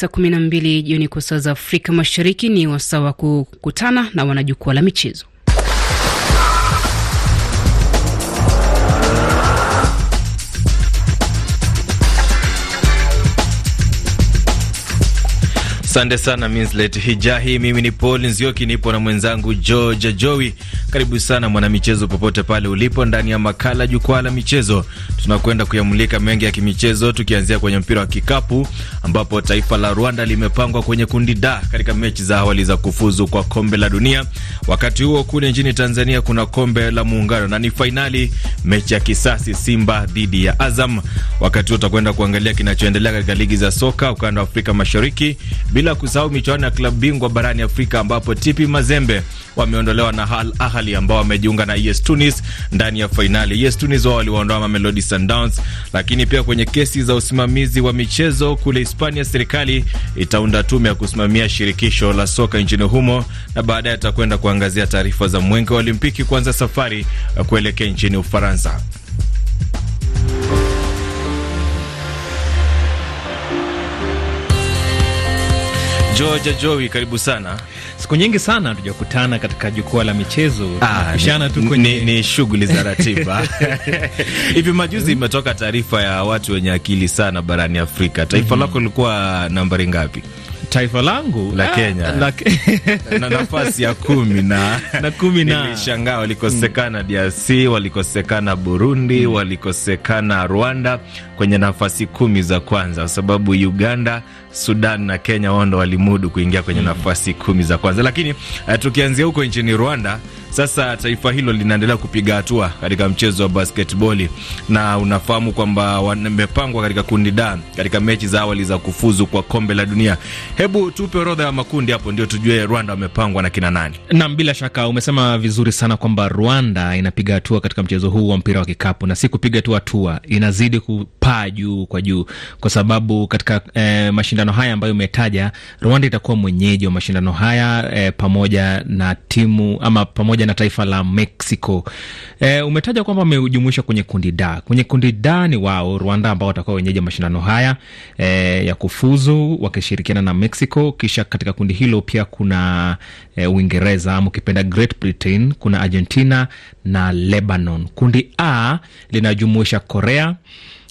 Saa 12 jioni kwa saa za Afrika Mashariki ni wasaa wa kukutana na wanajukwaa la michezo. Asante sana Minslet Hijahi. Mimi ni Paul Nzioki, nipo na mwenzangu George Jowi. Karibu sana mwanamichezo, popote pale ulipo, ndani ya makala Jukwaa la Michezo. Tunakwenda kuyamulika mengi ya kimichezo, tukianzia kwenye mpira wa kikapu ambapo taifa la Rwanda limepangwa kwenye kundi da katika mechi za awali za kufuzu kwa kombe la dunia. Wakati huo kule nchini Tanzania kuna kombe la Muungano na ni fainali, mechi ya kisasi, Simba dhidi ya Azam. Wakati huo tutakwenda kuangalia kinachoendelea katika ligi za soka ukanda wa Afrika Mashariki bila kusahau michuano ya klabu bingwa barani Afrika ambapo TP Mazembe wameondolewa na Al Ahly ambao wamejiunga na ES Tunis ndani ya fainali. ES Tunis wao waliwaondoa Mamelodi Sundowns. Lakini pia kwenye kesi za usimamizi wa michezo kule Hispania, serikali itaunda tume ya kusimamia shirikisho la soka nchini humo, na baadaye atakwenda kuangazia taarifa za mwenge wa Olimpiki kuanza safari kuelekea nchini Ufaransa. Georgia Jowi, karibu sana. Siku nyingi sana hatujakutana katika jukwaa la michezo. Aa, ah, tu kwenye... ni, ni shughuli za ratiba hivi majuzi imetoka taarifa ya watu wenye akili sana barani Afrika. Taifa mm -hmm. lako lilikuwa nambari ngapi? taifa langu la ah, Kenya la... na nafasi ya kumi na, na kumi na. Nilishangaa walikosekana mm. DRC, walikosekana Burundi, mm. walikosekana Rwanda kwenye nafasi kumi za kwanza, kwa sababu Uganda, Sudan na Kenya wao ndo walimudu kuingia kwenye mm. nafasi kumi za kwanza. Lakini uh, tukianzia huko nchini Rwanda sasa taifa hilo linaendelea kupiga hatua katika mchezo wa basketboli, na unafahamu kwamba wamepangwa katika kundi D katika mechi za awali za kufuzu kwa kombe la dunia. Hebu tupe orodha ya makundi hapo, ndio tujue Rwanda wamepangwa na kina nani. Naam, bila shaka umesema vizuri sana kwamba Rwanda inapiga hatua katika mchezo huu wa mpira wa kikapu, na si kupiga tu hatua, inazidi ku kupaa juu kwa juu, kwa sababu katika e, mashindano haya ambayo umetaja, Rwanda itakuwa mwenyeji wa mashindano haya e, pamoja na timu ama pamoja na taifa la Mexico. E, umetaja kwamba wamejumuisha kwenye kundi da. Kwenye kundi da ni wao Rwanda ambao watakuwa wenyeji wa mashindano haya e, ya kufuzu wakishirikiana na Mexico. Kisha katika kundi hilo pia kuna e, Uingereza ama ukipenda Great Britain, kuna Argentina na Lebanon. Kundi A linajumuisha Korea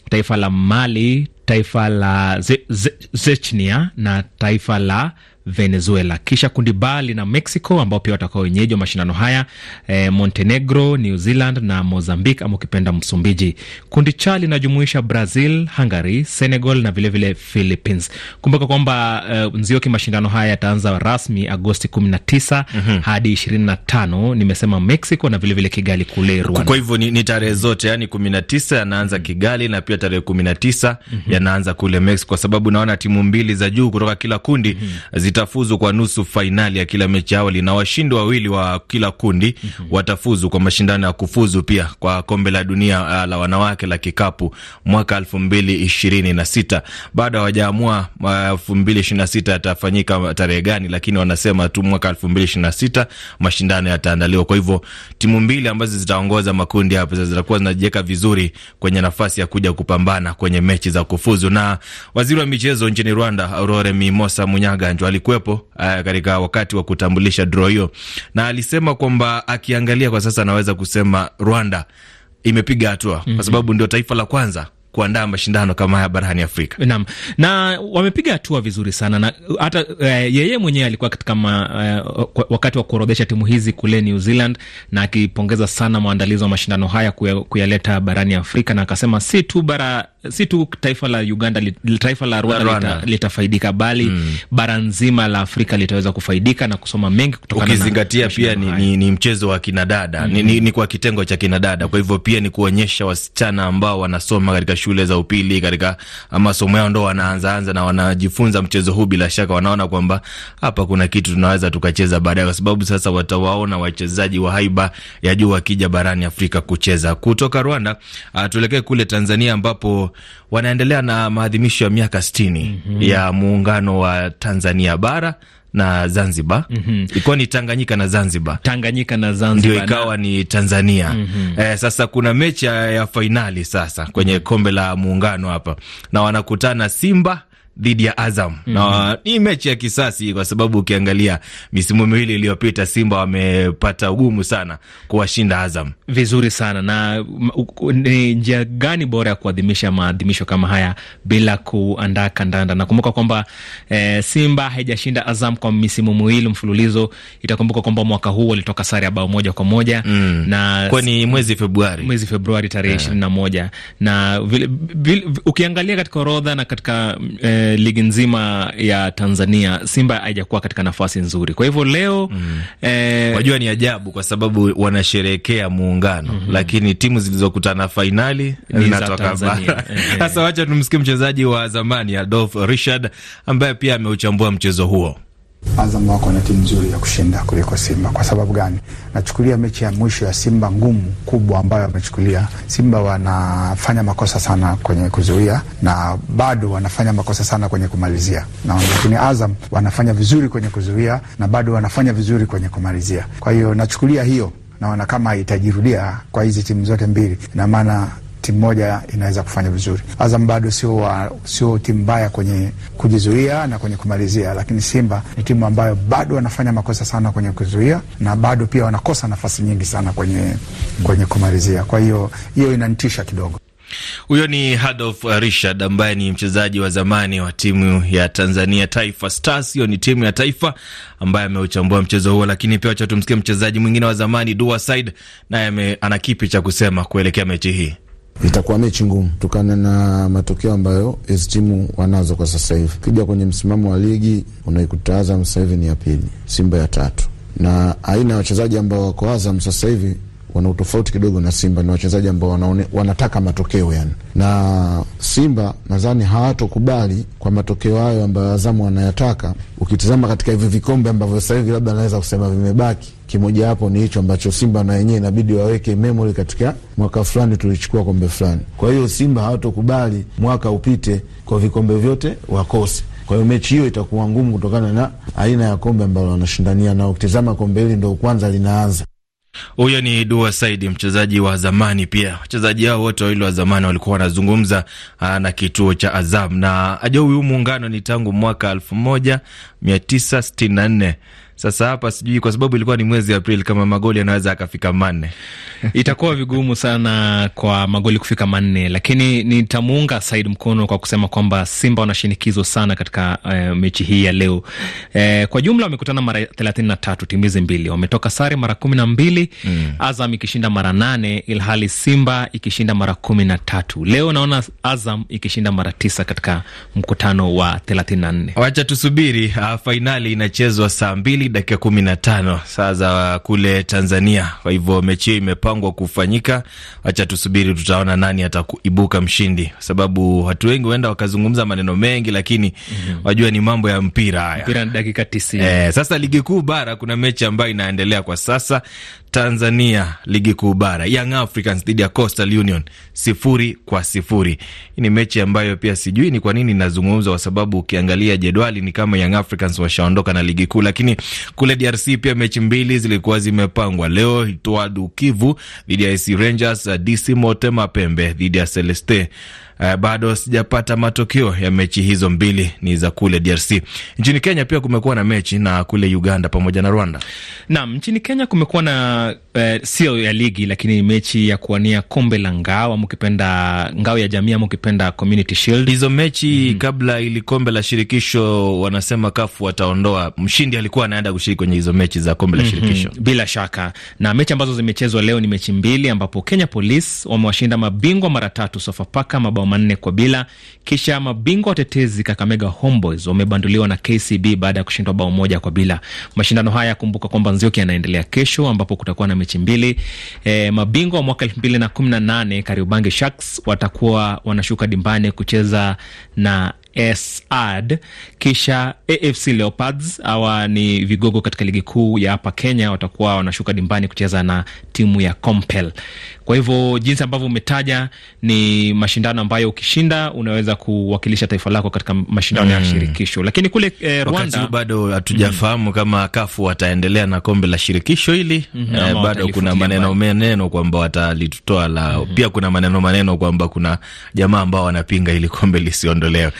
taifa la Mali, taifa la Ze Ze Zechnia na taifa la Venezuela. Kisha kundi B lina Mexico ambao pia watakuwa wenyeji wa mashindano haya eh, Montenegro, New Zealand na Mozambique ama ukipenda Msumbiji. Kundi cha linajumuisha Brazil, Hungary, Senegal na vilevile vile Philippines. Kumbuka kwamba uh, Nzioki, mashindano haya yataanza rasmi Agosti 19 mm -hmm. hadi 25, nimesema Mexico na vilevile vile Kigali kule Rwanda. Kwa hivyo ni, ni tarehe zote yani 19 yanaanza Kigali na pia tarehe 19 mm -hmm. yanaanza kule Mexico, kwa sababu naona timu mbili za juu kutoka kila kundi mm -hmm. zita itafuzu kwa nusu fainali ya kila mechi awali, na washindi wawili wa kila kundi mm -hmm. watafuzu kwa mashindano ya kufuzu pia kwa kombe la dunia uh, la wanawake la kikapu mwaka elfu mbili ishirini na sita. Bado hawajaamua uh, elfu mbili ishirini na sita yatafanyika tarehe gani, lakini wanasema tu mwaka elfu mbili ishirini na sita mashindano yataandaliwa. Kwa hivyo timu mbili ambazo zitaongoza makundi hapo hapa zitakuwa zinajiweka vizuri kwenye nafasi ya kuja kupambana kwenye mechi za kufuzu. Na waziri wa michezo nchini Rwanda Aurore Mimosa Munyaganjo alikuwa alikuwepo uh, eh, katika wakati wa kutambulisha draw hiyo, na alisema kwamba akiangalia kwa sasa anaweza kusema Rwanda imepiga hatua mm -hmm. kwa mhm. sababu ndio taifa la kwanza kuandaa mashindano kama haya barani Afrika. Naam, na wamepiga hatua vizuri sana na hata uh, yeye mwenyewe alikuwa katika uh, wakati wa kuorodhesha timu hizi kule New Zealand na akipongeza sana maandalizi wa mashindano haya kuyaleta barani Afrika na akasema si tu bara si tu taifa la Uganda li, taifa la Rwanda, Rwanda. Lita, litafaidika bali mm. bara nzima la Afrika litaweza kufaidika na kusoma mengi kutokana na ukizingatia pia ni, ni, ni mchezo wa kinadada mm. ni, ni, ni kwa kitengo cha kinadada, kwa hivyo pia ni kuonyesha wasichana ambao wanasoma katika shule za upili katika masomo yao ndo wanaanzaanza na wanajifunza mchezo huu, bila shaka wanaona kwamba hapa kuna kitu tunaweza tukacheza baadaye, kwa sababu sasa watawaona wachezaji wa haiba ya juu wakija barani Afrika kucheza. Kutoka Rwanda ah, tuelekee kule Tanzania ambapo wanaendelea na maadhimisho ya miaka sitini mm -hmm. ya muungano wa Tanzania bara na Zanzibar mm -hmm. Ilikuwa ni Tanganyika na Zanzibar, Tanganyika na Zanzibar ndio ikawa na... ni Tanzania mm -hmm. E, sasa kuna mechi ya fainali sasa kwenye mm -hmm. kombe la muungano hapa na wanakutana Simba dhidi ya Azam mm -hmm. na ni mechi ya kisasi kwa sababu ukiangalia misimu miwili iliyopita Simba wamepata ugumu sana kuwashinda Azam. Vizuri sana na ni njia gani bora ya kuadhimisha maadhimisho kama haya bila kuandaa kandanda? Nakumbuka kwamba e, Simba haijashinda Azam kwa misimu miwili mfululizo. Itakumbuka kwamba mwaka huu walitoka sare ya bao moja kwa moja mm. na kwani mwezi Februari, mwezi Februari tarehe eh. ishirini yeah. na moja na vile, vile, ukiangalia katika orodha na katika e, eh, ligi nzima ya Tanzania Simba haijakuwa katika nafasi nzuri. Kwa hivyo leo mm. eh, wajua ni ajabu kwa sababu wanasherehekea muungano mm -hmm. lakini timu zilizokutana fainali zinatoka bara. Eh, eh. Sasa wacha tumsikie mchezaji wa zamani Adolf Richard ambaye pia ameuchambua mchezo huo. Azam wako na timu nzuri ya kushinda kuliko Simba. Kwa sababu gani? Nachukulia mechi ya mwisho ya Simba ngumu kubwa ambayo wamechukulia Simba wanafanya makosa sana kwenye kuzuia na bado wanafanya makosa sana kwenye kumalizia, na lakini Azam wanafanya vizuri kwenye kuzuia na bado wanafanya vizuri kwenye kumalizia. Kwa hiyo nachukulia hiyo, naona kama itajirudia kwa hizi timu zote mbili, ina maana timu moja inaweza kufanya vizuri. Azam bado sio sio timu mbaya kwenye kujizuia na kwenye kumalizia, lakini Simba ni timu ambayo bado wanafanya makosa sana kwenye kuzuia na bado pia wanakosa nafasi nyingi sana kwenye, kwenye kumalizia. Kwa hiyo hiyo inanitisha kidogo. Huyo ni Adolf Richard ambaye ni mchezaji wa zamani wa timu ya Tanzania Taifa Stars. Hiyo ni timu ya taifa ambaye ameuchambua mchezo huo, lakini pia wacha tumsikie mchezaji mwingine wa zamani Dua Said, naye ana kipi cha kusema kuelekea mechi hii itakuwa mechi ngumu kutokana na matokeo ambayo hizi timu wanazo kwa sasa hivi. Kija kwenye msimamo wa ligi unaikuta Azam sasa hivi ni ya pili, Simba ya tatu, na aina ya wachezaji ambao wako Azam sasa hivi wana utofauti kidogo na Simba. Ni wachezaji ambao wanaone, wanataka matokeo yani, na Simba nadhani hawatokubali kwa matokeo hayo ambayo Azamu wanayataka. Ukitizama katika hivi vikombe ambavyo sasa hivi labda naweza kusema vimebaki kimoja hapo ni hicho ambacho Simba na wenyewe inabidi waweke memory katika mwaka fulani tulichukua kombe fulani. Kwa hiyo Simba hawatokubali mwaka upite kwa vikombe vyote wakose. Kwa hiyo mechi hiyo itakuwa ngumu kutokana na aina ya kombe ambalo wanashindania nao. Ukitizama kombe hili ndo kwanza linaanza. Huyo ni Dua Saidi, mchezaji wa zamani pia. Wachezaji hao wote wawili wa zamani walikuwa wanazungumza ah, na kituo cha Azam na ajua, huyu muungano ni tangu mwaka elfu moja mia tisa sitini na nne sasa hapa sijui kwa sababu ilikuwa ni mwezi Aprili, kama magoli anaweza akafika manne itakuwa vigumu sana kwa magoli kufika manne, lakini nitamuunga Said mkono kwa kusema kwamba Simba wanashinikizwa sana katika uh, mechi hii ya leo. Uh, kwa jumla wamekutana mara thelathini na tatu, timizi mbili wametoka sare mara kumi na mbili mm. Azam ikishinda mara nane ilhali Simba ikishinda mara kumi na tatu. Leo naona Azam ikishinda mara tisa katika mkutano wa thelathini na nne. Wacha tusubiri uh, ah, fainali inachezwa saa mbili dakika kumi na tano saa za kule Tanzania. Kwa hivyo mechi hiyo imepangwa kufanyika, wacha tusubiri, tutaona nani atakuibuka mshindi, kwa sababu watu wengi huenda wakazungumza maneno mengi, lakini mm -hmm. wajua ni mambo ya mpira haya. Mpira ni dakika tisini. Eh, sasa ligi kuu bara kuna mechi ambayo inaendelea kwa sasa Tanzania ligi kuu bara, Young Africans dhidi ya Coastal Union sifuri kwa sifuri. Hii ni mechi ambayo pia sijui ni kwa nini inazungumzwa, kwa sababu ukiangalia jedwali ni kama Young Africans washaondoka na ligi kuu, lakini kule DRC pia mechi mbili zilikuwa zimepangwa leo, Itwadu Kivu dhidi ya AC Rangers, DC Motema Pembe dhidi ya Celeste uh, bado sijapata matokeo ya mechi hizo mbili ni za kule DRC. Nchini Kenya pia kumekuwa na mechi na kule Uganda pamoja na Rwanda. Naam, nchini Kenya kumekuwa na uh, eh, sio ya ligi lakini mechi ya kuwania kombe la ngao ama ukipenda ngao ya jamii ama ukipenda community shield. Hizo mechi mm -hmm. kabla ili kombe la shirikisho wanasema kafu wataondoa mshindi, alikuwa anaenda kushiriki kwenye hizo mechi za kombe la mm -hmm. shirikisho bila shaka. Na mechi ambazo zimechezwa leo ni mechi mbili ambapo Kenya Police wamewashinda mabingwa mara tatu Sofapaka mabao manne kwa bila. Kisha mabingwa watetezi Kakamega Homeboys wamebanduliwa na KCB baada ya kushindwa bao moja kwa bila. Mashindano haya kumbuka kwamba Nzioki yanaendelea kesho, ambapo kutakuwa na mechi mbili. E, mabingwa wa mwaka elfu mbili na kumi na nane Kariobangi Sharks watakuwa wanashuka dimbani kucheza na SAD kisha AFC Leopards. Hawa ni vigogo katika ligi kuu ya hapa Kenya, watakuwa wanashuka dimbani kucheza na timu ya Compel. Kwa hivyo jinsi ambavyo umetaja, ni mashindano ambayo ukishinda unaweza kuwakilisha taifa lako katika mashindano mm. ya shirikisho. Lakini kule eh, Rwanda bado hatujafahamu mm. kama kafu wataendelea na kombe la shirikisho hili mm -hmm. eh, bado kuna maneno maneno kwamba watalitoa la mm -hmm. pia kuna maneno maneno kwamba kuna jamaa ambao wanapinga ili kombe lisiondolewe.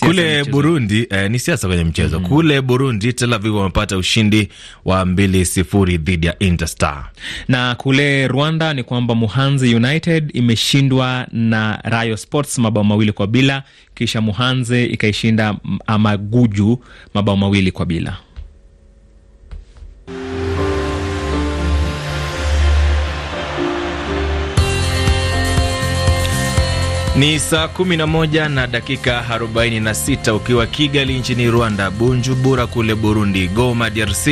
Kule Burundi eh, ni siasa kwenye mchezo mm. Mm-hmm. Kule Burundi, Tel Aviv wamepata ushindi wa mbili sifuri dhidi ya Interstar, na kule Rwanda ni kwamba Muhanzi United imeshindwa na Rayo Sports mabao mawili kwa bila, kisha Muhanzi ikaishinda Amaguju mabao mawili kwa bila. Ni saa 11 na dakika 46 ukiwa Kigali nchini Rwanda, Bujumbura kule Burundi, Goma DRC,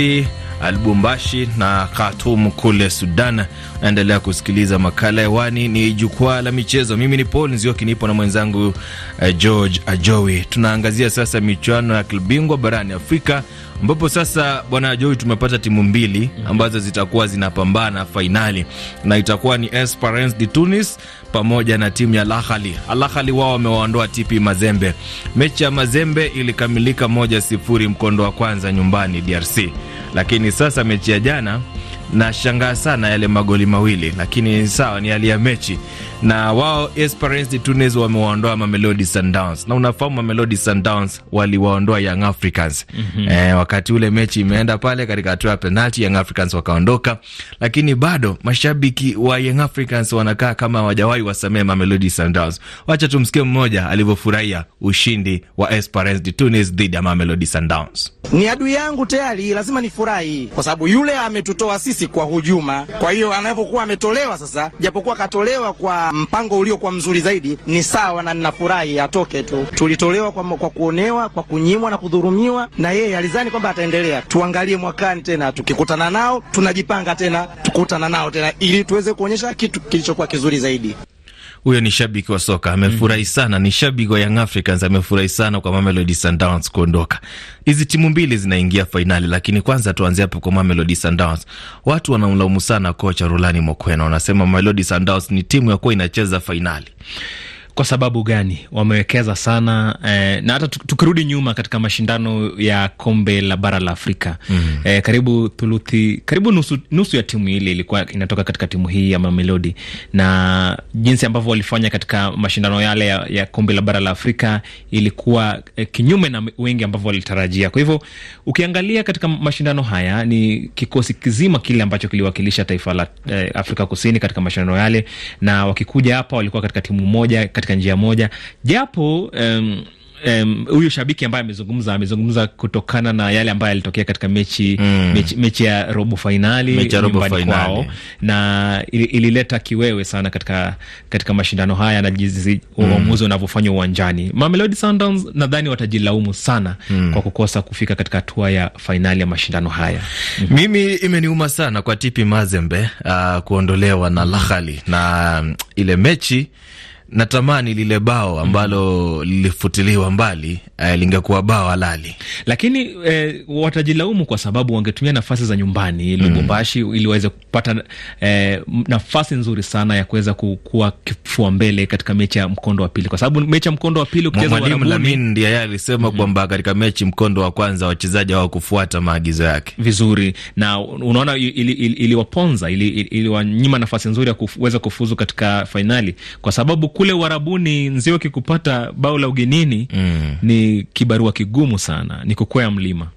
Albumbashi na Khartoum kule Sudan. Naendelea kusikiliza makala hewani, ni jukwaa la michezo. Mimi ni Paul Nzioki, nipo na mwenzangu eh, George Ajowi. Tunaangazia sasa michuano ya kibingwa barani Afrika ambapo sasa bwana Joi, tumepata timu mbili mhm. ambazo zitakuwa zinapambana fainali na itakuwa ni Esperance de Tunis pamoja na timu ya Lahali. Alahali wao wamewaondoa TP Mazembe. Mechi ya Mazembe ilikamilika moja sifuri mkondo wa kwanza nyumbani DRC, lakini sasa mechi ya jana nashangaa sana yale magoli mawili, lakini sawa, ni hali ya mechi na wao Esperance de Tunis wamewaondoa Mamelodi Sundowns, na unafahamu Mamelodi Sundowns waliwaondoa Young Africans mm -hmm. E, wakati ule mechi imeenda pale katika hatua ya penalti, Young Africans wakaondoka, lakini bado mashabiki wa Young Africans wanakaa kama hawajawahi wasamee Mamelodi Sundowns. Wacha tumsikie mmoja alivyofurahia ushindi wa Esperance de Tunis dhidi ya Mamelodi Sundowns. Ni adui yangu tayari, lazima nifurahi kwa sababu yule ametutoa sisi kwa hujuma. Kwa hiyo anapokuwa ametolewa sasa, japokuwa katolewa kwa mpango uliokuwa mzuri zaidi ni sawa, na ninafurahi atoke tu. Tulitolewa kwa, kwa kuonewa, kwa kunyimwa na kudhurumiwa, na yeye alizani kwamba ataendelea. Tuangalie mwakani tena, tukikutana nao tunajipanga tena, tukutana nao tena, ili tuweze kuonyesha kitu kilichokuwa kizuri zaidi. Huyo ni shabiki wa soka amefurahi mhm. sana, ni shabiki wa Young Africans amefurahi sana kwa Mamelodi Sundowns kuondoka. Hizi timu mbili zinaingia fainali, lakini kwanza tuanze hapo kwa Mamelodi Sundowns. Watu wanamlaumu sana kocha Rulani Mokwena, wanasema Mamelodi Sundowns ni timu ya kuwa inacheza fainali kwa sababu gani wamewekeza sana eh? Na hata tukirudi nyuma katika mashindano ya kombe la bara la Afrika mm. eh, karibu thuluthi, karibu nusu, nusu ya timu ile ilikuwa inatoka katika timu hii ya Mamelodi, na jinsi ambavyo walifanya katika mashindano yale ya, ya kombe la bara la Afrika ilikuwa eh, kinyume na wengi ambavyo walitarajia. Kwa hivyo ukiangalia katika mashindano haya ni kikosi kizima kile ambacho kiliwakilisha taifa la eh, Afrika Kusini katika mashindano yale, na wakikuja hapa walikuwa katika timu moja katika katika njia moja japo um, huyu um, shabiki ambaye amezungumza amezungumza kutokana na yale ambayo yalitokea katika mechi, mm. mechi, mechi ya robo fainali nyumbani kwao, na ilileta ili kiwewe sana katika, katika mashindano haya na jinsi mm. uamuzi mm. unavyofanywa uwanjani. Mamelodi Sundowns nadhani watajilaumu sana mm. kwa kukosa kufika katika hatua ya fainali ya mashindano haya. mm -hmm. Mimi imeniuma sana kwa Tipi Mazembe uh, kuondolewa na Lahali na um, ile mechi natamani lile bao mhm. ambalo lilifutiliwa mbali eh, lingekuwa bao halali, lakini eh, watajilaumu kwa sababu wangetumia nafasi za nyumbani mhm. Lubumbashi mm, ili waweze kupata eh, nafasi nzuri sana ya kuweza kukua kifua mbele katika mechi ya mkondo wa pili, kwa sababu mechi ya mkondo wa pili ukicheza mwalimu Lamin ndiye yeye alisema mm, kwamba katika mechi mkondo wa kwanza wachezaji hawakufuata maagizo yake vizuri, na unaona iliwaponza ili ili, ili, ili, ili nafasi nzuri ya kuweza kufuzu katika fainali kwa sababu kule uharabuni nzio kikupata bao la ugenini mm. ni kibarua kigumu sana, ni kukwea mlima.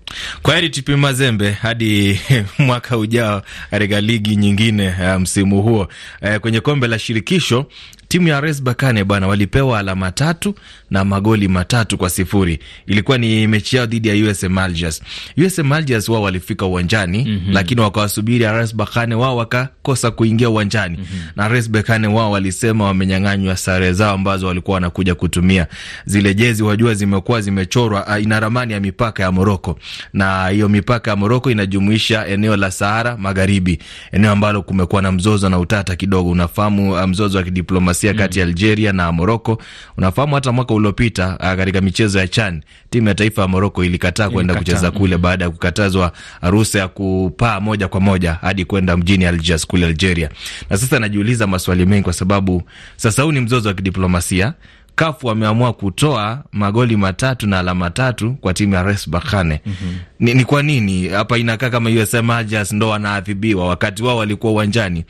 Kwa heri TP Mazembe hadi mwaka ujao katika ligi nyingine uh, msimu huo e, kwenye kombe la shirikisho Timu ya RS Bakane bwana walipewa alama tatu na magoli matatu kwa sifuri. Ilikuwa ni mechi yao dhidi ya USM Algiers. USM Algiers wao walifika uwanjani mm -hmm. lakini wakawasubiri RS Bakane, wao wakakosa kuingia uwanjani mm -hmm. na RS Bakane wao walisema wamenyang'anywa sare zao ambazo walikuwa wanakuja kutumia. Zile jezi wajua, zimekuwa zimechorwa, uh, ina ramani ya mipaka ya Moroko, na hiyo mipaka ya Moroko inajumuisha eneo la Sahara Magharibi, eneo ambalo kumekuwa na mzozo na utata kidogo. Unafahamu ah, mzozo wa kidiplomasia ghasia mm. kati ya Algeria na Moroko. Unafahamu hata mwaka uliopita ah, katika michezo ya CHAN timu ya taifa ya Moroko ilikataa kwenda kucheza kule mm. baada ya kukatazwa ruhusa ya kupaa moja kwa moja hadi kwenda mjini Algiers kule Algeria. Na sasa najiuliza maswali mengi kwa sababu sasa huu ni mzozo wa kidiplomasia. Kafu wameamua kutoa magoli matatu na alama tatu kwa timu ya Res Bakane. mm -hmm. Ni, ni kwa nini hapa inakaa kama USM Algiers ndo wanaadhibiwa wakati wao walikuwa uwanjani?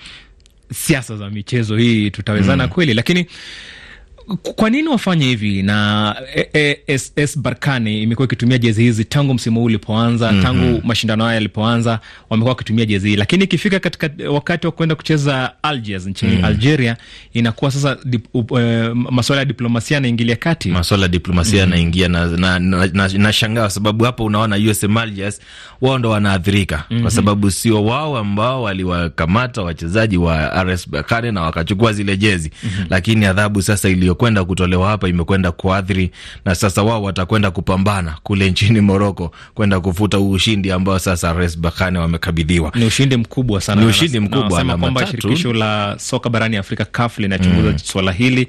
siasa za michezo hii tutawezana mm. kweli? Lakini kwa nini wafanye hivi? na e, e, s Barkane imekuwa ikitumia jezi hizi tangu msimu huu ulipoanza. mm -hmm. Tangu mashindano haya yalipoanza wamekuwa wakitumia jezi hii, lakini ikifika katika wakati wa kwenda kucheza Algiers nchini mm -hmm. Algeria, inakuwa sasa dip, uh, eh, maswala ya diplomasia yanaingilia kati, maswala ya diplomasia mhm. yanaingia mm -hmm. na, na, na, na na shangaa kwa sababu hapo unaona USM Algiers wao ndo wanaathirika mm -hmm. kwa mhm. sababu sio wao ambao waliwakamata wachezaji wa RS Berkane na wakachukua zile jezi mm -hmm. lakini adhabu sasa iliyo imekwenda kutolewa hapa, imekwenda kuathiri, na sasa wao watakwenda kupambana kule nchini Moroko kwenda kufuta huu ushindi ambao sasa Res Berkane wamekabidhiwa. Ni ushindi mkubwa sana, ni ushindi mkubwa na kwamba shirikisho la soka barani Afrika CAF linachunguza mm, swala hili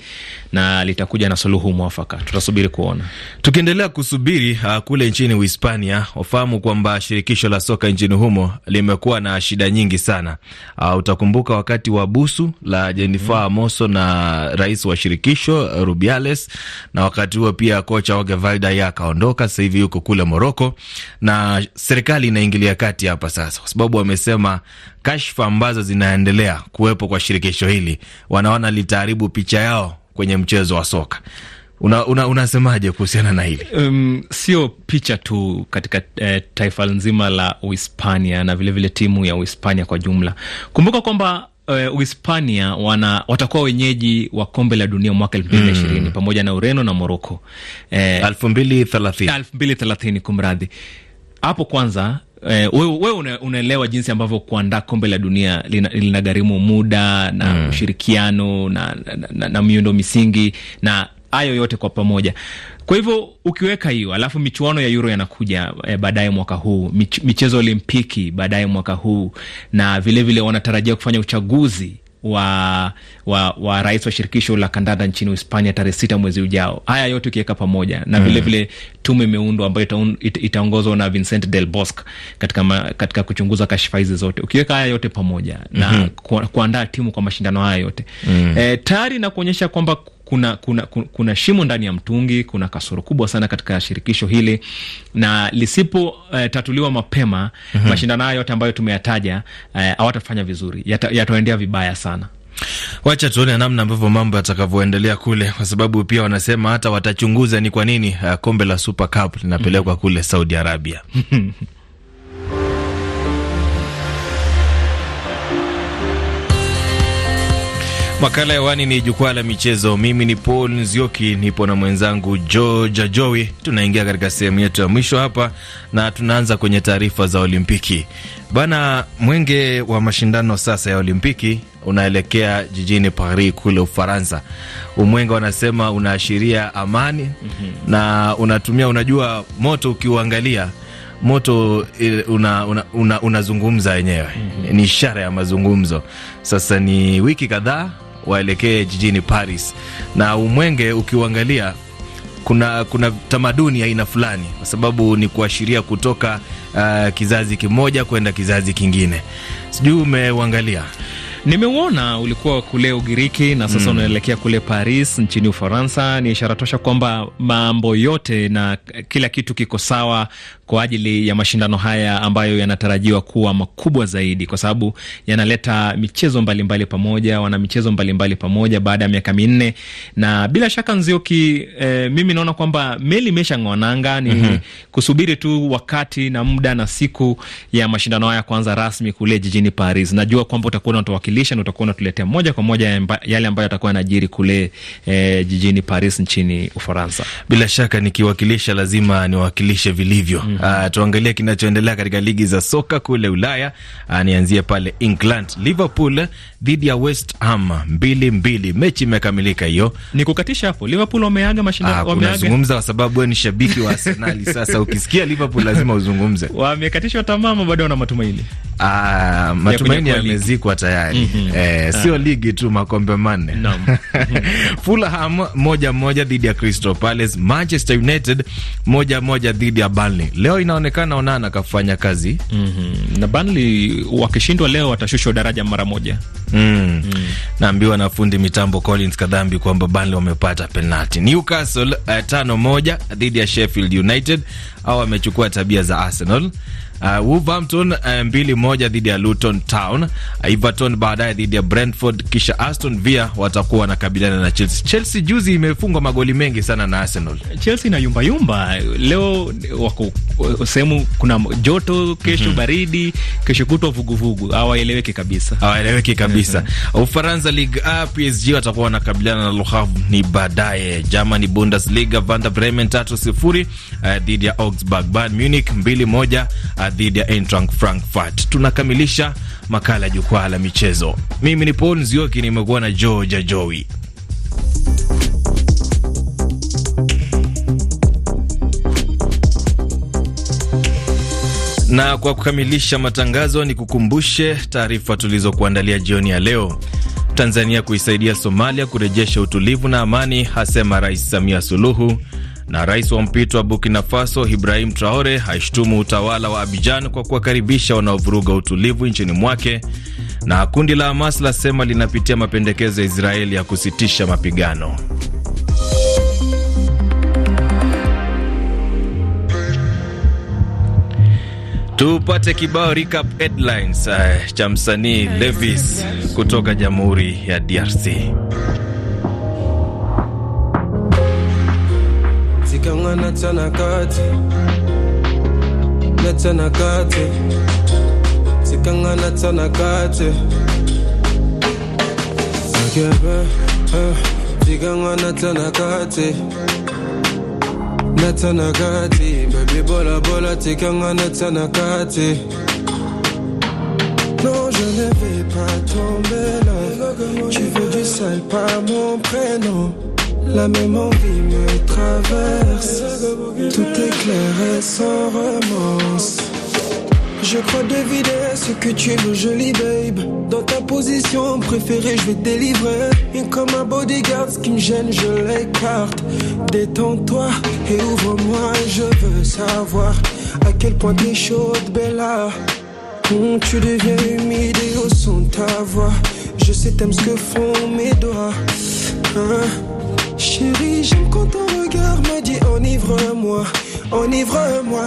na litakuja na suluhu mwafaka. Tutasubiri kuona. Tukiendelea kusubiri uh, kule nchini Uhispania, wafahamu kwamba shirikisho la soka nchini humo limekuwa na shida nyingi sana. Uh, utakumbuka wakati wa busu la Jennifer mm, Amoso na rais wa shirikisho Rubiales, na wakati huo pia kocha wake Valda akaondoka, sasa hivi yuko kule Moroko, na serikali inaingilia kati hapa sasa, kwa sababu wamesema kashfa ambazo zinaendelea kuwepo kwa shirikisho hili wanaona litaharibu picha yao kwenye mchezo wa soka. Unasemaje una, una kuhusiana na hili um, sio picha tu katika eh, taifa nzima la Uhispania na vilevile vile timu ya Uhispania kwa jumla. Kumbuka kwamba Eh, Uhispania wana watakuwa wenyeji wa kombe la dunia mwaka elfu mbili na mm. ishirini mm, pamoja na Ureno na Moroko eh, elfu mbili thelathini elfu mbili thelathini kumradhi. Hapo kwanza wewe eh, unaelewa una jinsi ambavyo kuandaa kombe la dunia linagharimu lina muda na mm. ushirikiano na, na, na, na miundo misingi na hayo yote kwa pamoja. Kwa hivyo ukiweka hiyo, alafu michuano ya Euro yanakuja e, baadaye mwaka huu, mich michezo Olimpiki baadaye mwaka huu, na vilevile vile wanatarajia kufanya uchaguzi wa, wa, wa rais wa shirikisho la kandanda nchini Hispania tarehe sita mwezi ujao. Haya yote ukiweka pamoja na vilevile hmm. mm. vile tume imeundwa ambayo itaongozwa ita na Vincent Del Bosque katika, katika kuchunguza kashfa hizi zote. Ukiweka haya yote pamoja na mm -hmm. kuandaa timu kwa mashindano haya yote mm. E, tayari na kuonyesha kwamba kuna, kuna, kuna, kuna shimo ndani ya mtungi. Kuna kasoro kubwa sana katika shirikisho hili na lisipotatuliwa eh, uh, mapema mm -hmm. mashindano haya yote ambayo tumeyataja eh, hawatafanya uh, vizuri, yataendea vibaya sana. Wacha tuone namna ambavyo mambo yatakavyoendelea kule, kwa sababu pia wanasema hata watachunguza ni kwa nini uh, kombe la Super Cup linapelekwa mm -hmm. kule Saudi Arabia Makala ya wani ni jukwaa la michezo. Mimi ni Paul Nzioki, nipo na mwenzangu Georgia Jowi. Tunaingia katika sehemu yetu ya mwisho hapa na tunaanza kwenye taarifa za Olimpiki bana. Mwenge wa mashindano sasa ya Olimpiki unaelekea jijini Paris kule Ufaransa. Umwenge wanasema unaashiria amani mm -hmm. na unatumia, unajua moto ukiuangalia moto unazungumza e, una, una, una wenyewe mm -hmm. ni ishara ya mazungumzo. Sasa ni wiki kadhaa waelekee jijini Paris. Na umwenge ukiuangalia kuna, kuna tamaduni aina fulani kwa sababu ni kuashiria kutoka uh, kizazi kimoja kwenda kizazi kingine. Sijui umeuangalia Nimeuona ulikuwa kule Ugiriki na sasa mm, unaelekea kule Paris nchini Ufaransa. Ni ishara tosha kwamba mambo yote na kila kitu kiko sawa kwa ajili ya mashindano haya ambayo yanatarajiwa kuwa makubwa zaidi, kwa sababu yanaleta michezo mbalimbali mbali pamoja, wana michezo mbalimbali mbali pamoja baada ya miaka minne, na bila shaka Nzioki, eh, mimi naona kwamba meli imesha ng'wananga, ni mm -hmm. kusubiri tu wakati na muda na siku ya mashindano haya kwanza rasmi kule jijini Paris. Najua kwamba utakuwa na kuwakilisha, na utakuwa unatuletea moja kwa moja yale ambayo atakuwa anajiri kule e, jijini Paris nchini Ufaransa. Bila shaka nikiwakilisha lazima niwakilishe vilivyo. mm -hmm. tuangalie kinachoendelea katika ligi za soka kule Ulaya. Ah, nianzie pale England, Liverpool dhidi ya West Ham mbili mbili, mechi imekamilika hiyo. Ni kukatisha hapo, Liverpool wameaga mashindano. Ah, unazungumza kwa sababu ni shabiki wa Arsenali. Sasa ukisikia Liverpool lazima uzungumze. Wamekatishwa tamaa, bado wana matumaini. Ah, matumaini yamezikwa tayari. Mm-hmm. Eh, ah. sio ligi tu makombe manne no. Fulham moja moja dhidi ya Crystal Palace, Manchester United moja moja dhidi ya Burnley. Leo inaonekana Onana kafanya kazi mm -hmm. na Burnley wakishindwa leo watashushwa daraja mara moja mm. mm. Naambiwa na fundi mitambo Collins Kadhambi kwamba Burnley wamepata penalti. Newcastle uh, tano moja dhidi ya Sheffield United au wamechukua tabia za Arsenal Uh, Wolverhampton uh, mbili moja dhidi ya Luton Town. Uh, Everton baadaye dhidi ya Brentford, kisha Aston Villa watakuwa wanakabiliana na Chelsea. Chelsea juzi imefungwa magoli mengi sana na Arsenal. Chelsea na yumba yumba leo, wako uh, sehemu kuna joto, kesho mm -hmm. baridi, kesho kutwa vuguvugu, hawaeleweki kabisa, hawaeleweki kabisa mm -hmm. Ufaransa Ligue A, PSG watakuwa wanakabiliana na ni baadaye. Germany Bundesliga, Werder Bremen uh, dhidi ya Augsburg. Bayern Munich uh, dhidi ya Eintracht Frankfurt. Tunakamilisha makala ya jukwaa la michezo. Mimi ni Paul Nzioki, nimekuwa na Joja Jowi. Na kwa kukamilisha matangazo, ni kukumbushe taarifa tulizokuandalia jioni ya leo. Tanzania kuisaidia Somalia kurejesha utulivu na amani, asema Rais Samia Suluhu na rais wa mpito wa Burkina Faso Ibrahim Traore haishtumu utawala wa Abidjan kwa kuwakaribisha wanaovuruga utulivu nchini mwake, na kundi la Hamas lasema linapitia mapendekezo ya Israeli ya kusitisha mapigano. Tupate kibao recap headlines eh, cha msanii Levis kutoka Jamhuri ya DRC. kiongo na cha kati na cha kati sikanga na cha kati sakebe sikanga na cha kati na cha kati baby bola bola sikanga na cha kati non, je ne vais pas tomber là. Tu veux du sale, pas mon prénom. La même envie me traverse. Tout est clair et sans romance. Je crois deviner ce que tu es, le joli babe. Dans ta position préférée, je vais te délivrer. comme un bodyguard, ce qui me gêne, je l'écarte. Détends-toi et ouvre-moi, je veux savoir à quel point t'es chaude, Bella. Quand hum, tu deviens humide et au son de ta voix. Je sais, t'aimes ce que font mes doigts. Hein? Chérie, j'aime quand ton regard me dit enivre-moi, enivre-moi,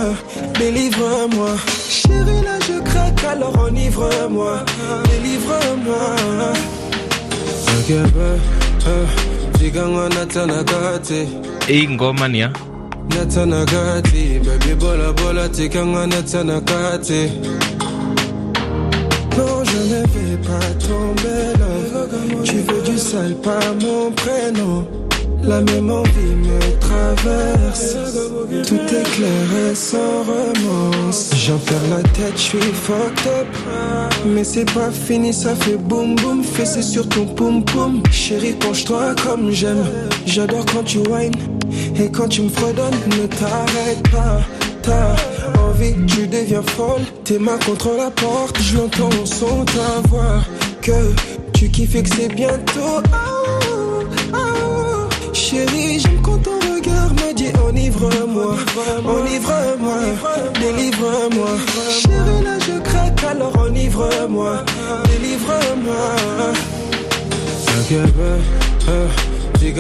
délivre-moi. Chérie, là je craque, alors enivre-moi, délivre-moi. Et ingoma mania ya natanakati baby bolabola tikanga natanakati non, je ne vais pas tomber là. Tu veux du sale, pas mon prénom. La même envie me traverse. Tout est clair et sans J'en perds la tête, je suis fucked up. Mais c'est pas fini, ça fait boum boum. Fessé sur ton poum poum. Chérie, penche-toi comme j'aime. J'adore quand tu whines. Et quand tu me fredonnes, ne t'arrête pas. T'as envie, tu deviens folle. Tes mains contre la porte, je l'entends son ta voix. Que tu kiffes et que c'est bientôt. Chérie, j'aime quand ton regard me dit enivre-moi, enivre-moi, délivre-moi. Chérie, là je craque, alors enivre-moi, délivre-moi. Eh, eh,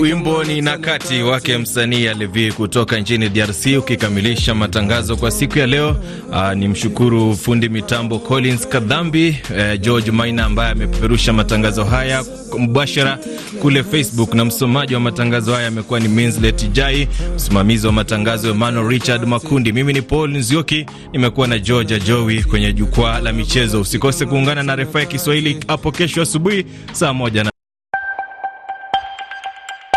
Wimbo ni nakati wake msanii Alevi kutoka nchini DRC ukikamilisha matangazo kwa siku ya leo. Aa, ah, ni mshukuru fundi mitambo Collins Kadhambi, eh, George Maina ambaye amepeperusha matangazo haya mbashara kule Facebook, na msomaji wa matangazo haya amekuwa ni Minslet Jai, msimamizi wa matangazo Emmanuel Richard Makundi. Mimi ni Paul Nzioki, nimekuwa na George ajowi kwenye jukwaa la michezo. Usikose kuungana na refa ya Kiswahili hapo kesho asubuhi saa moja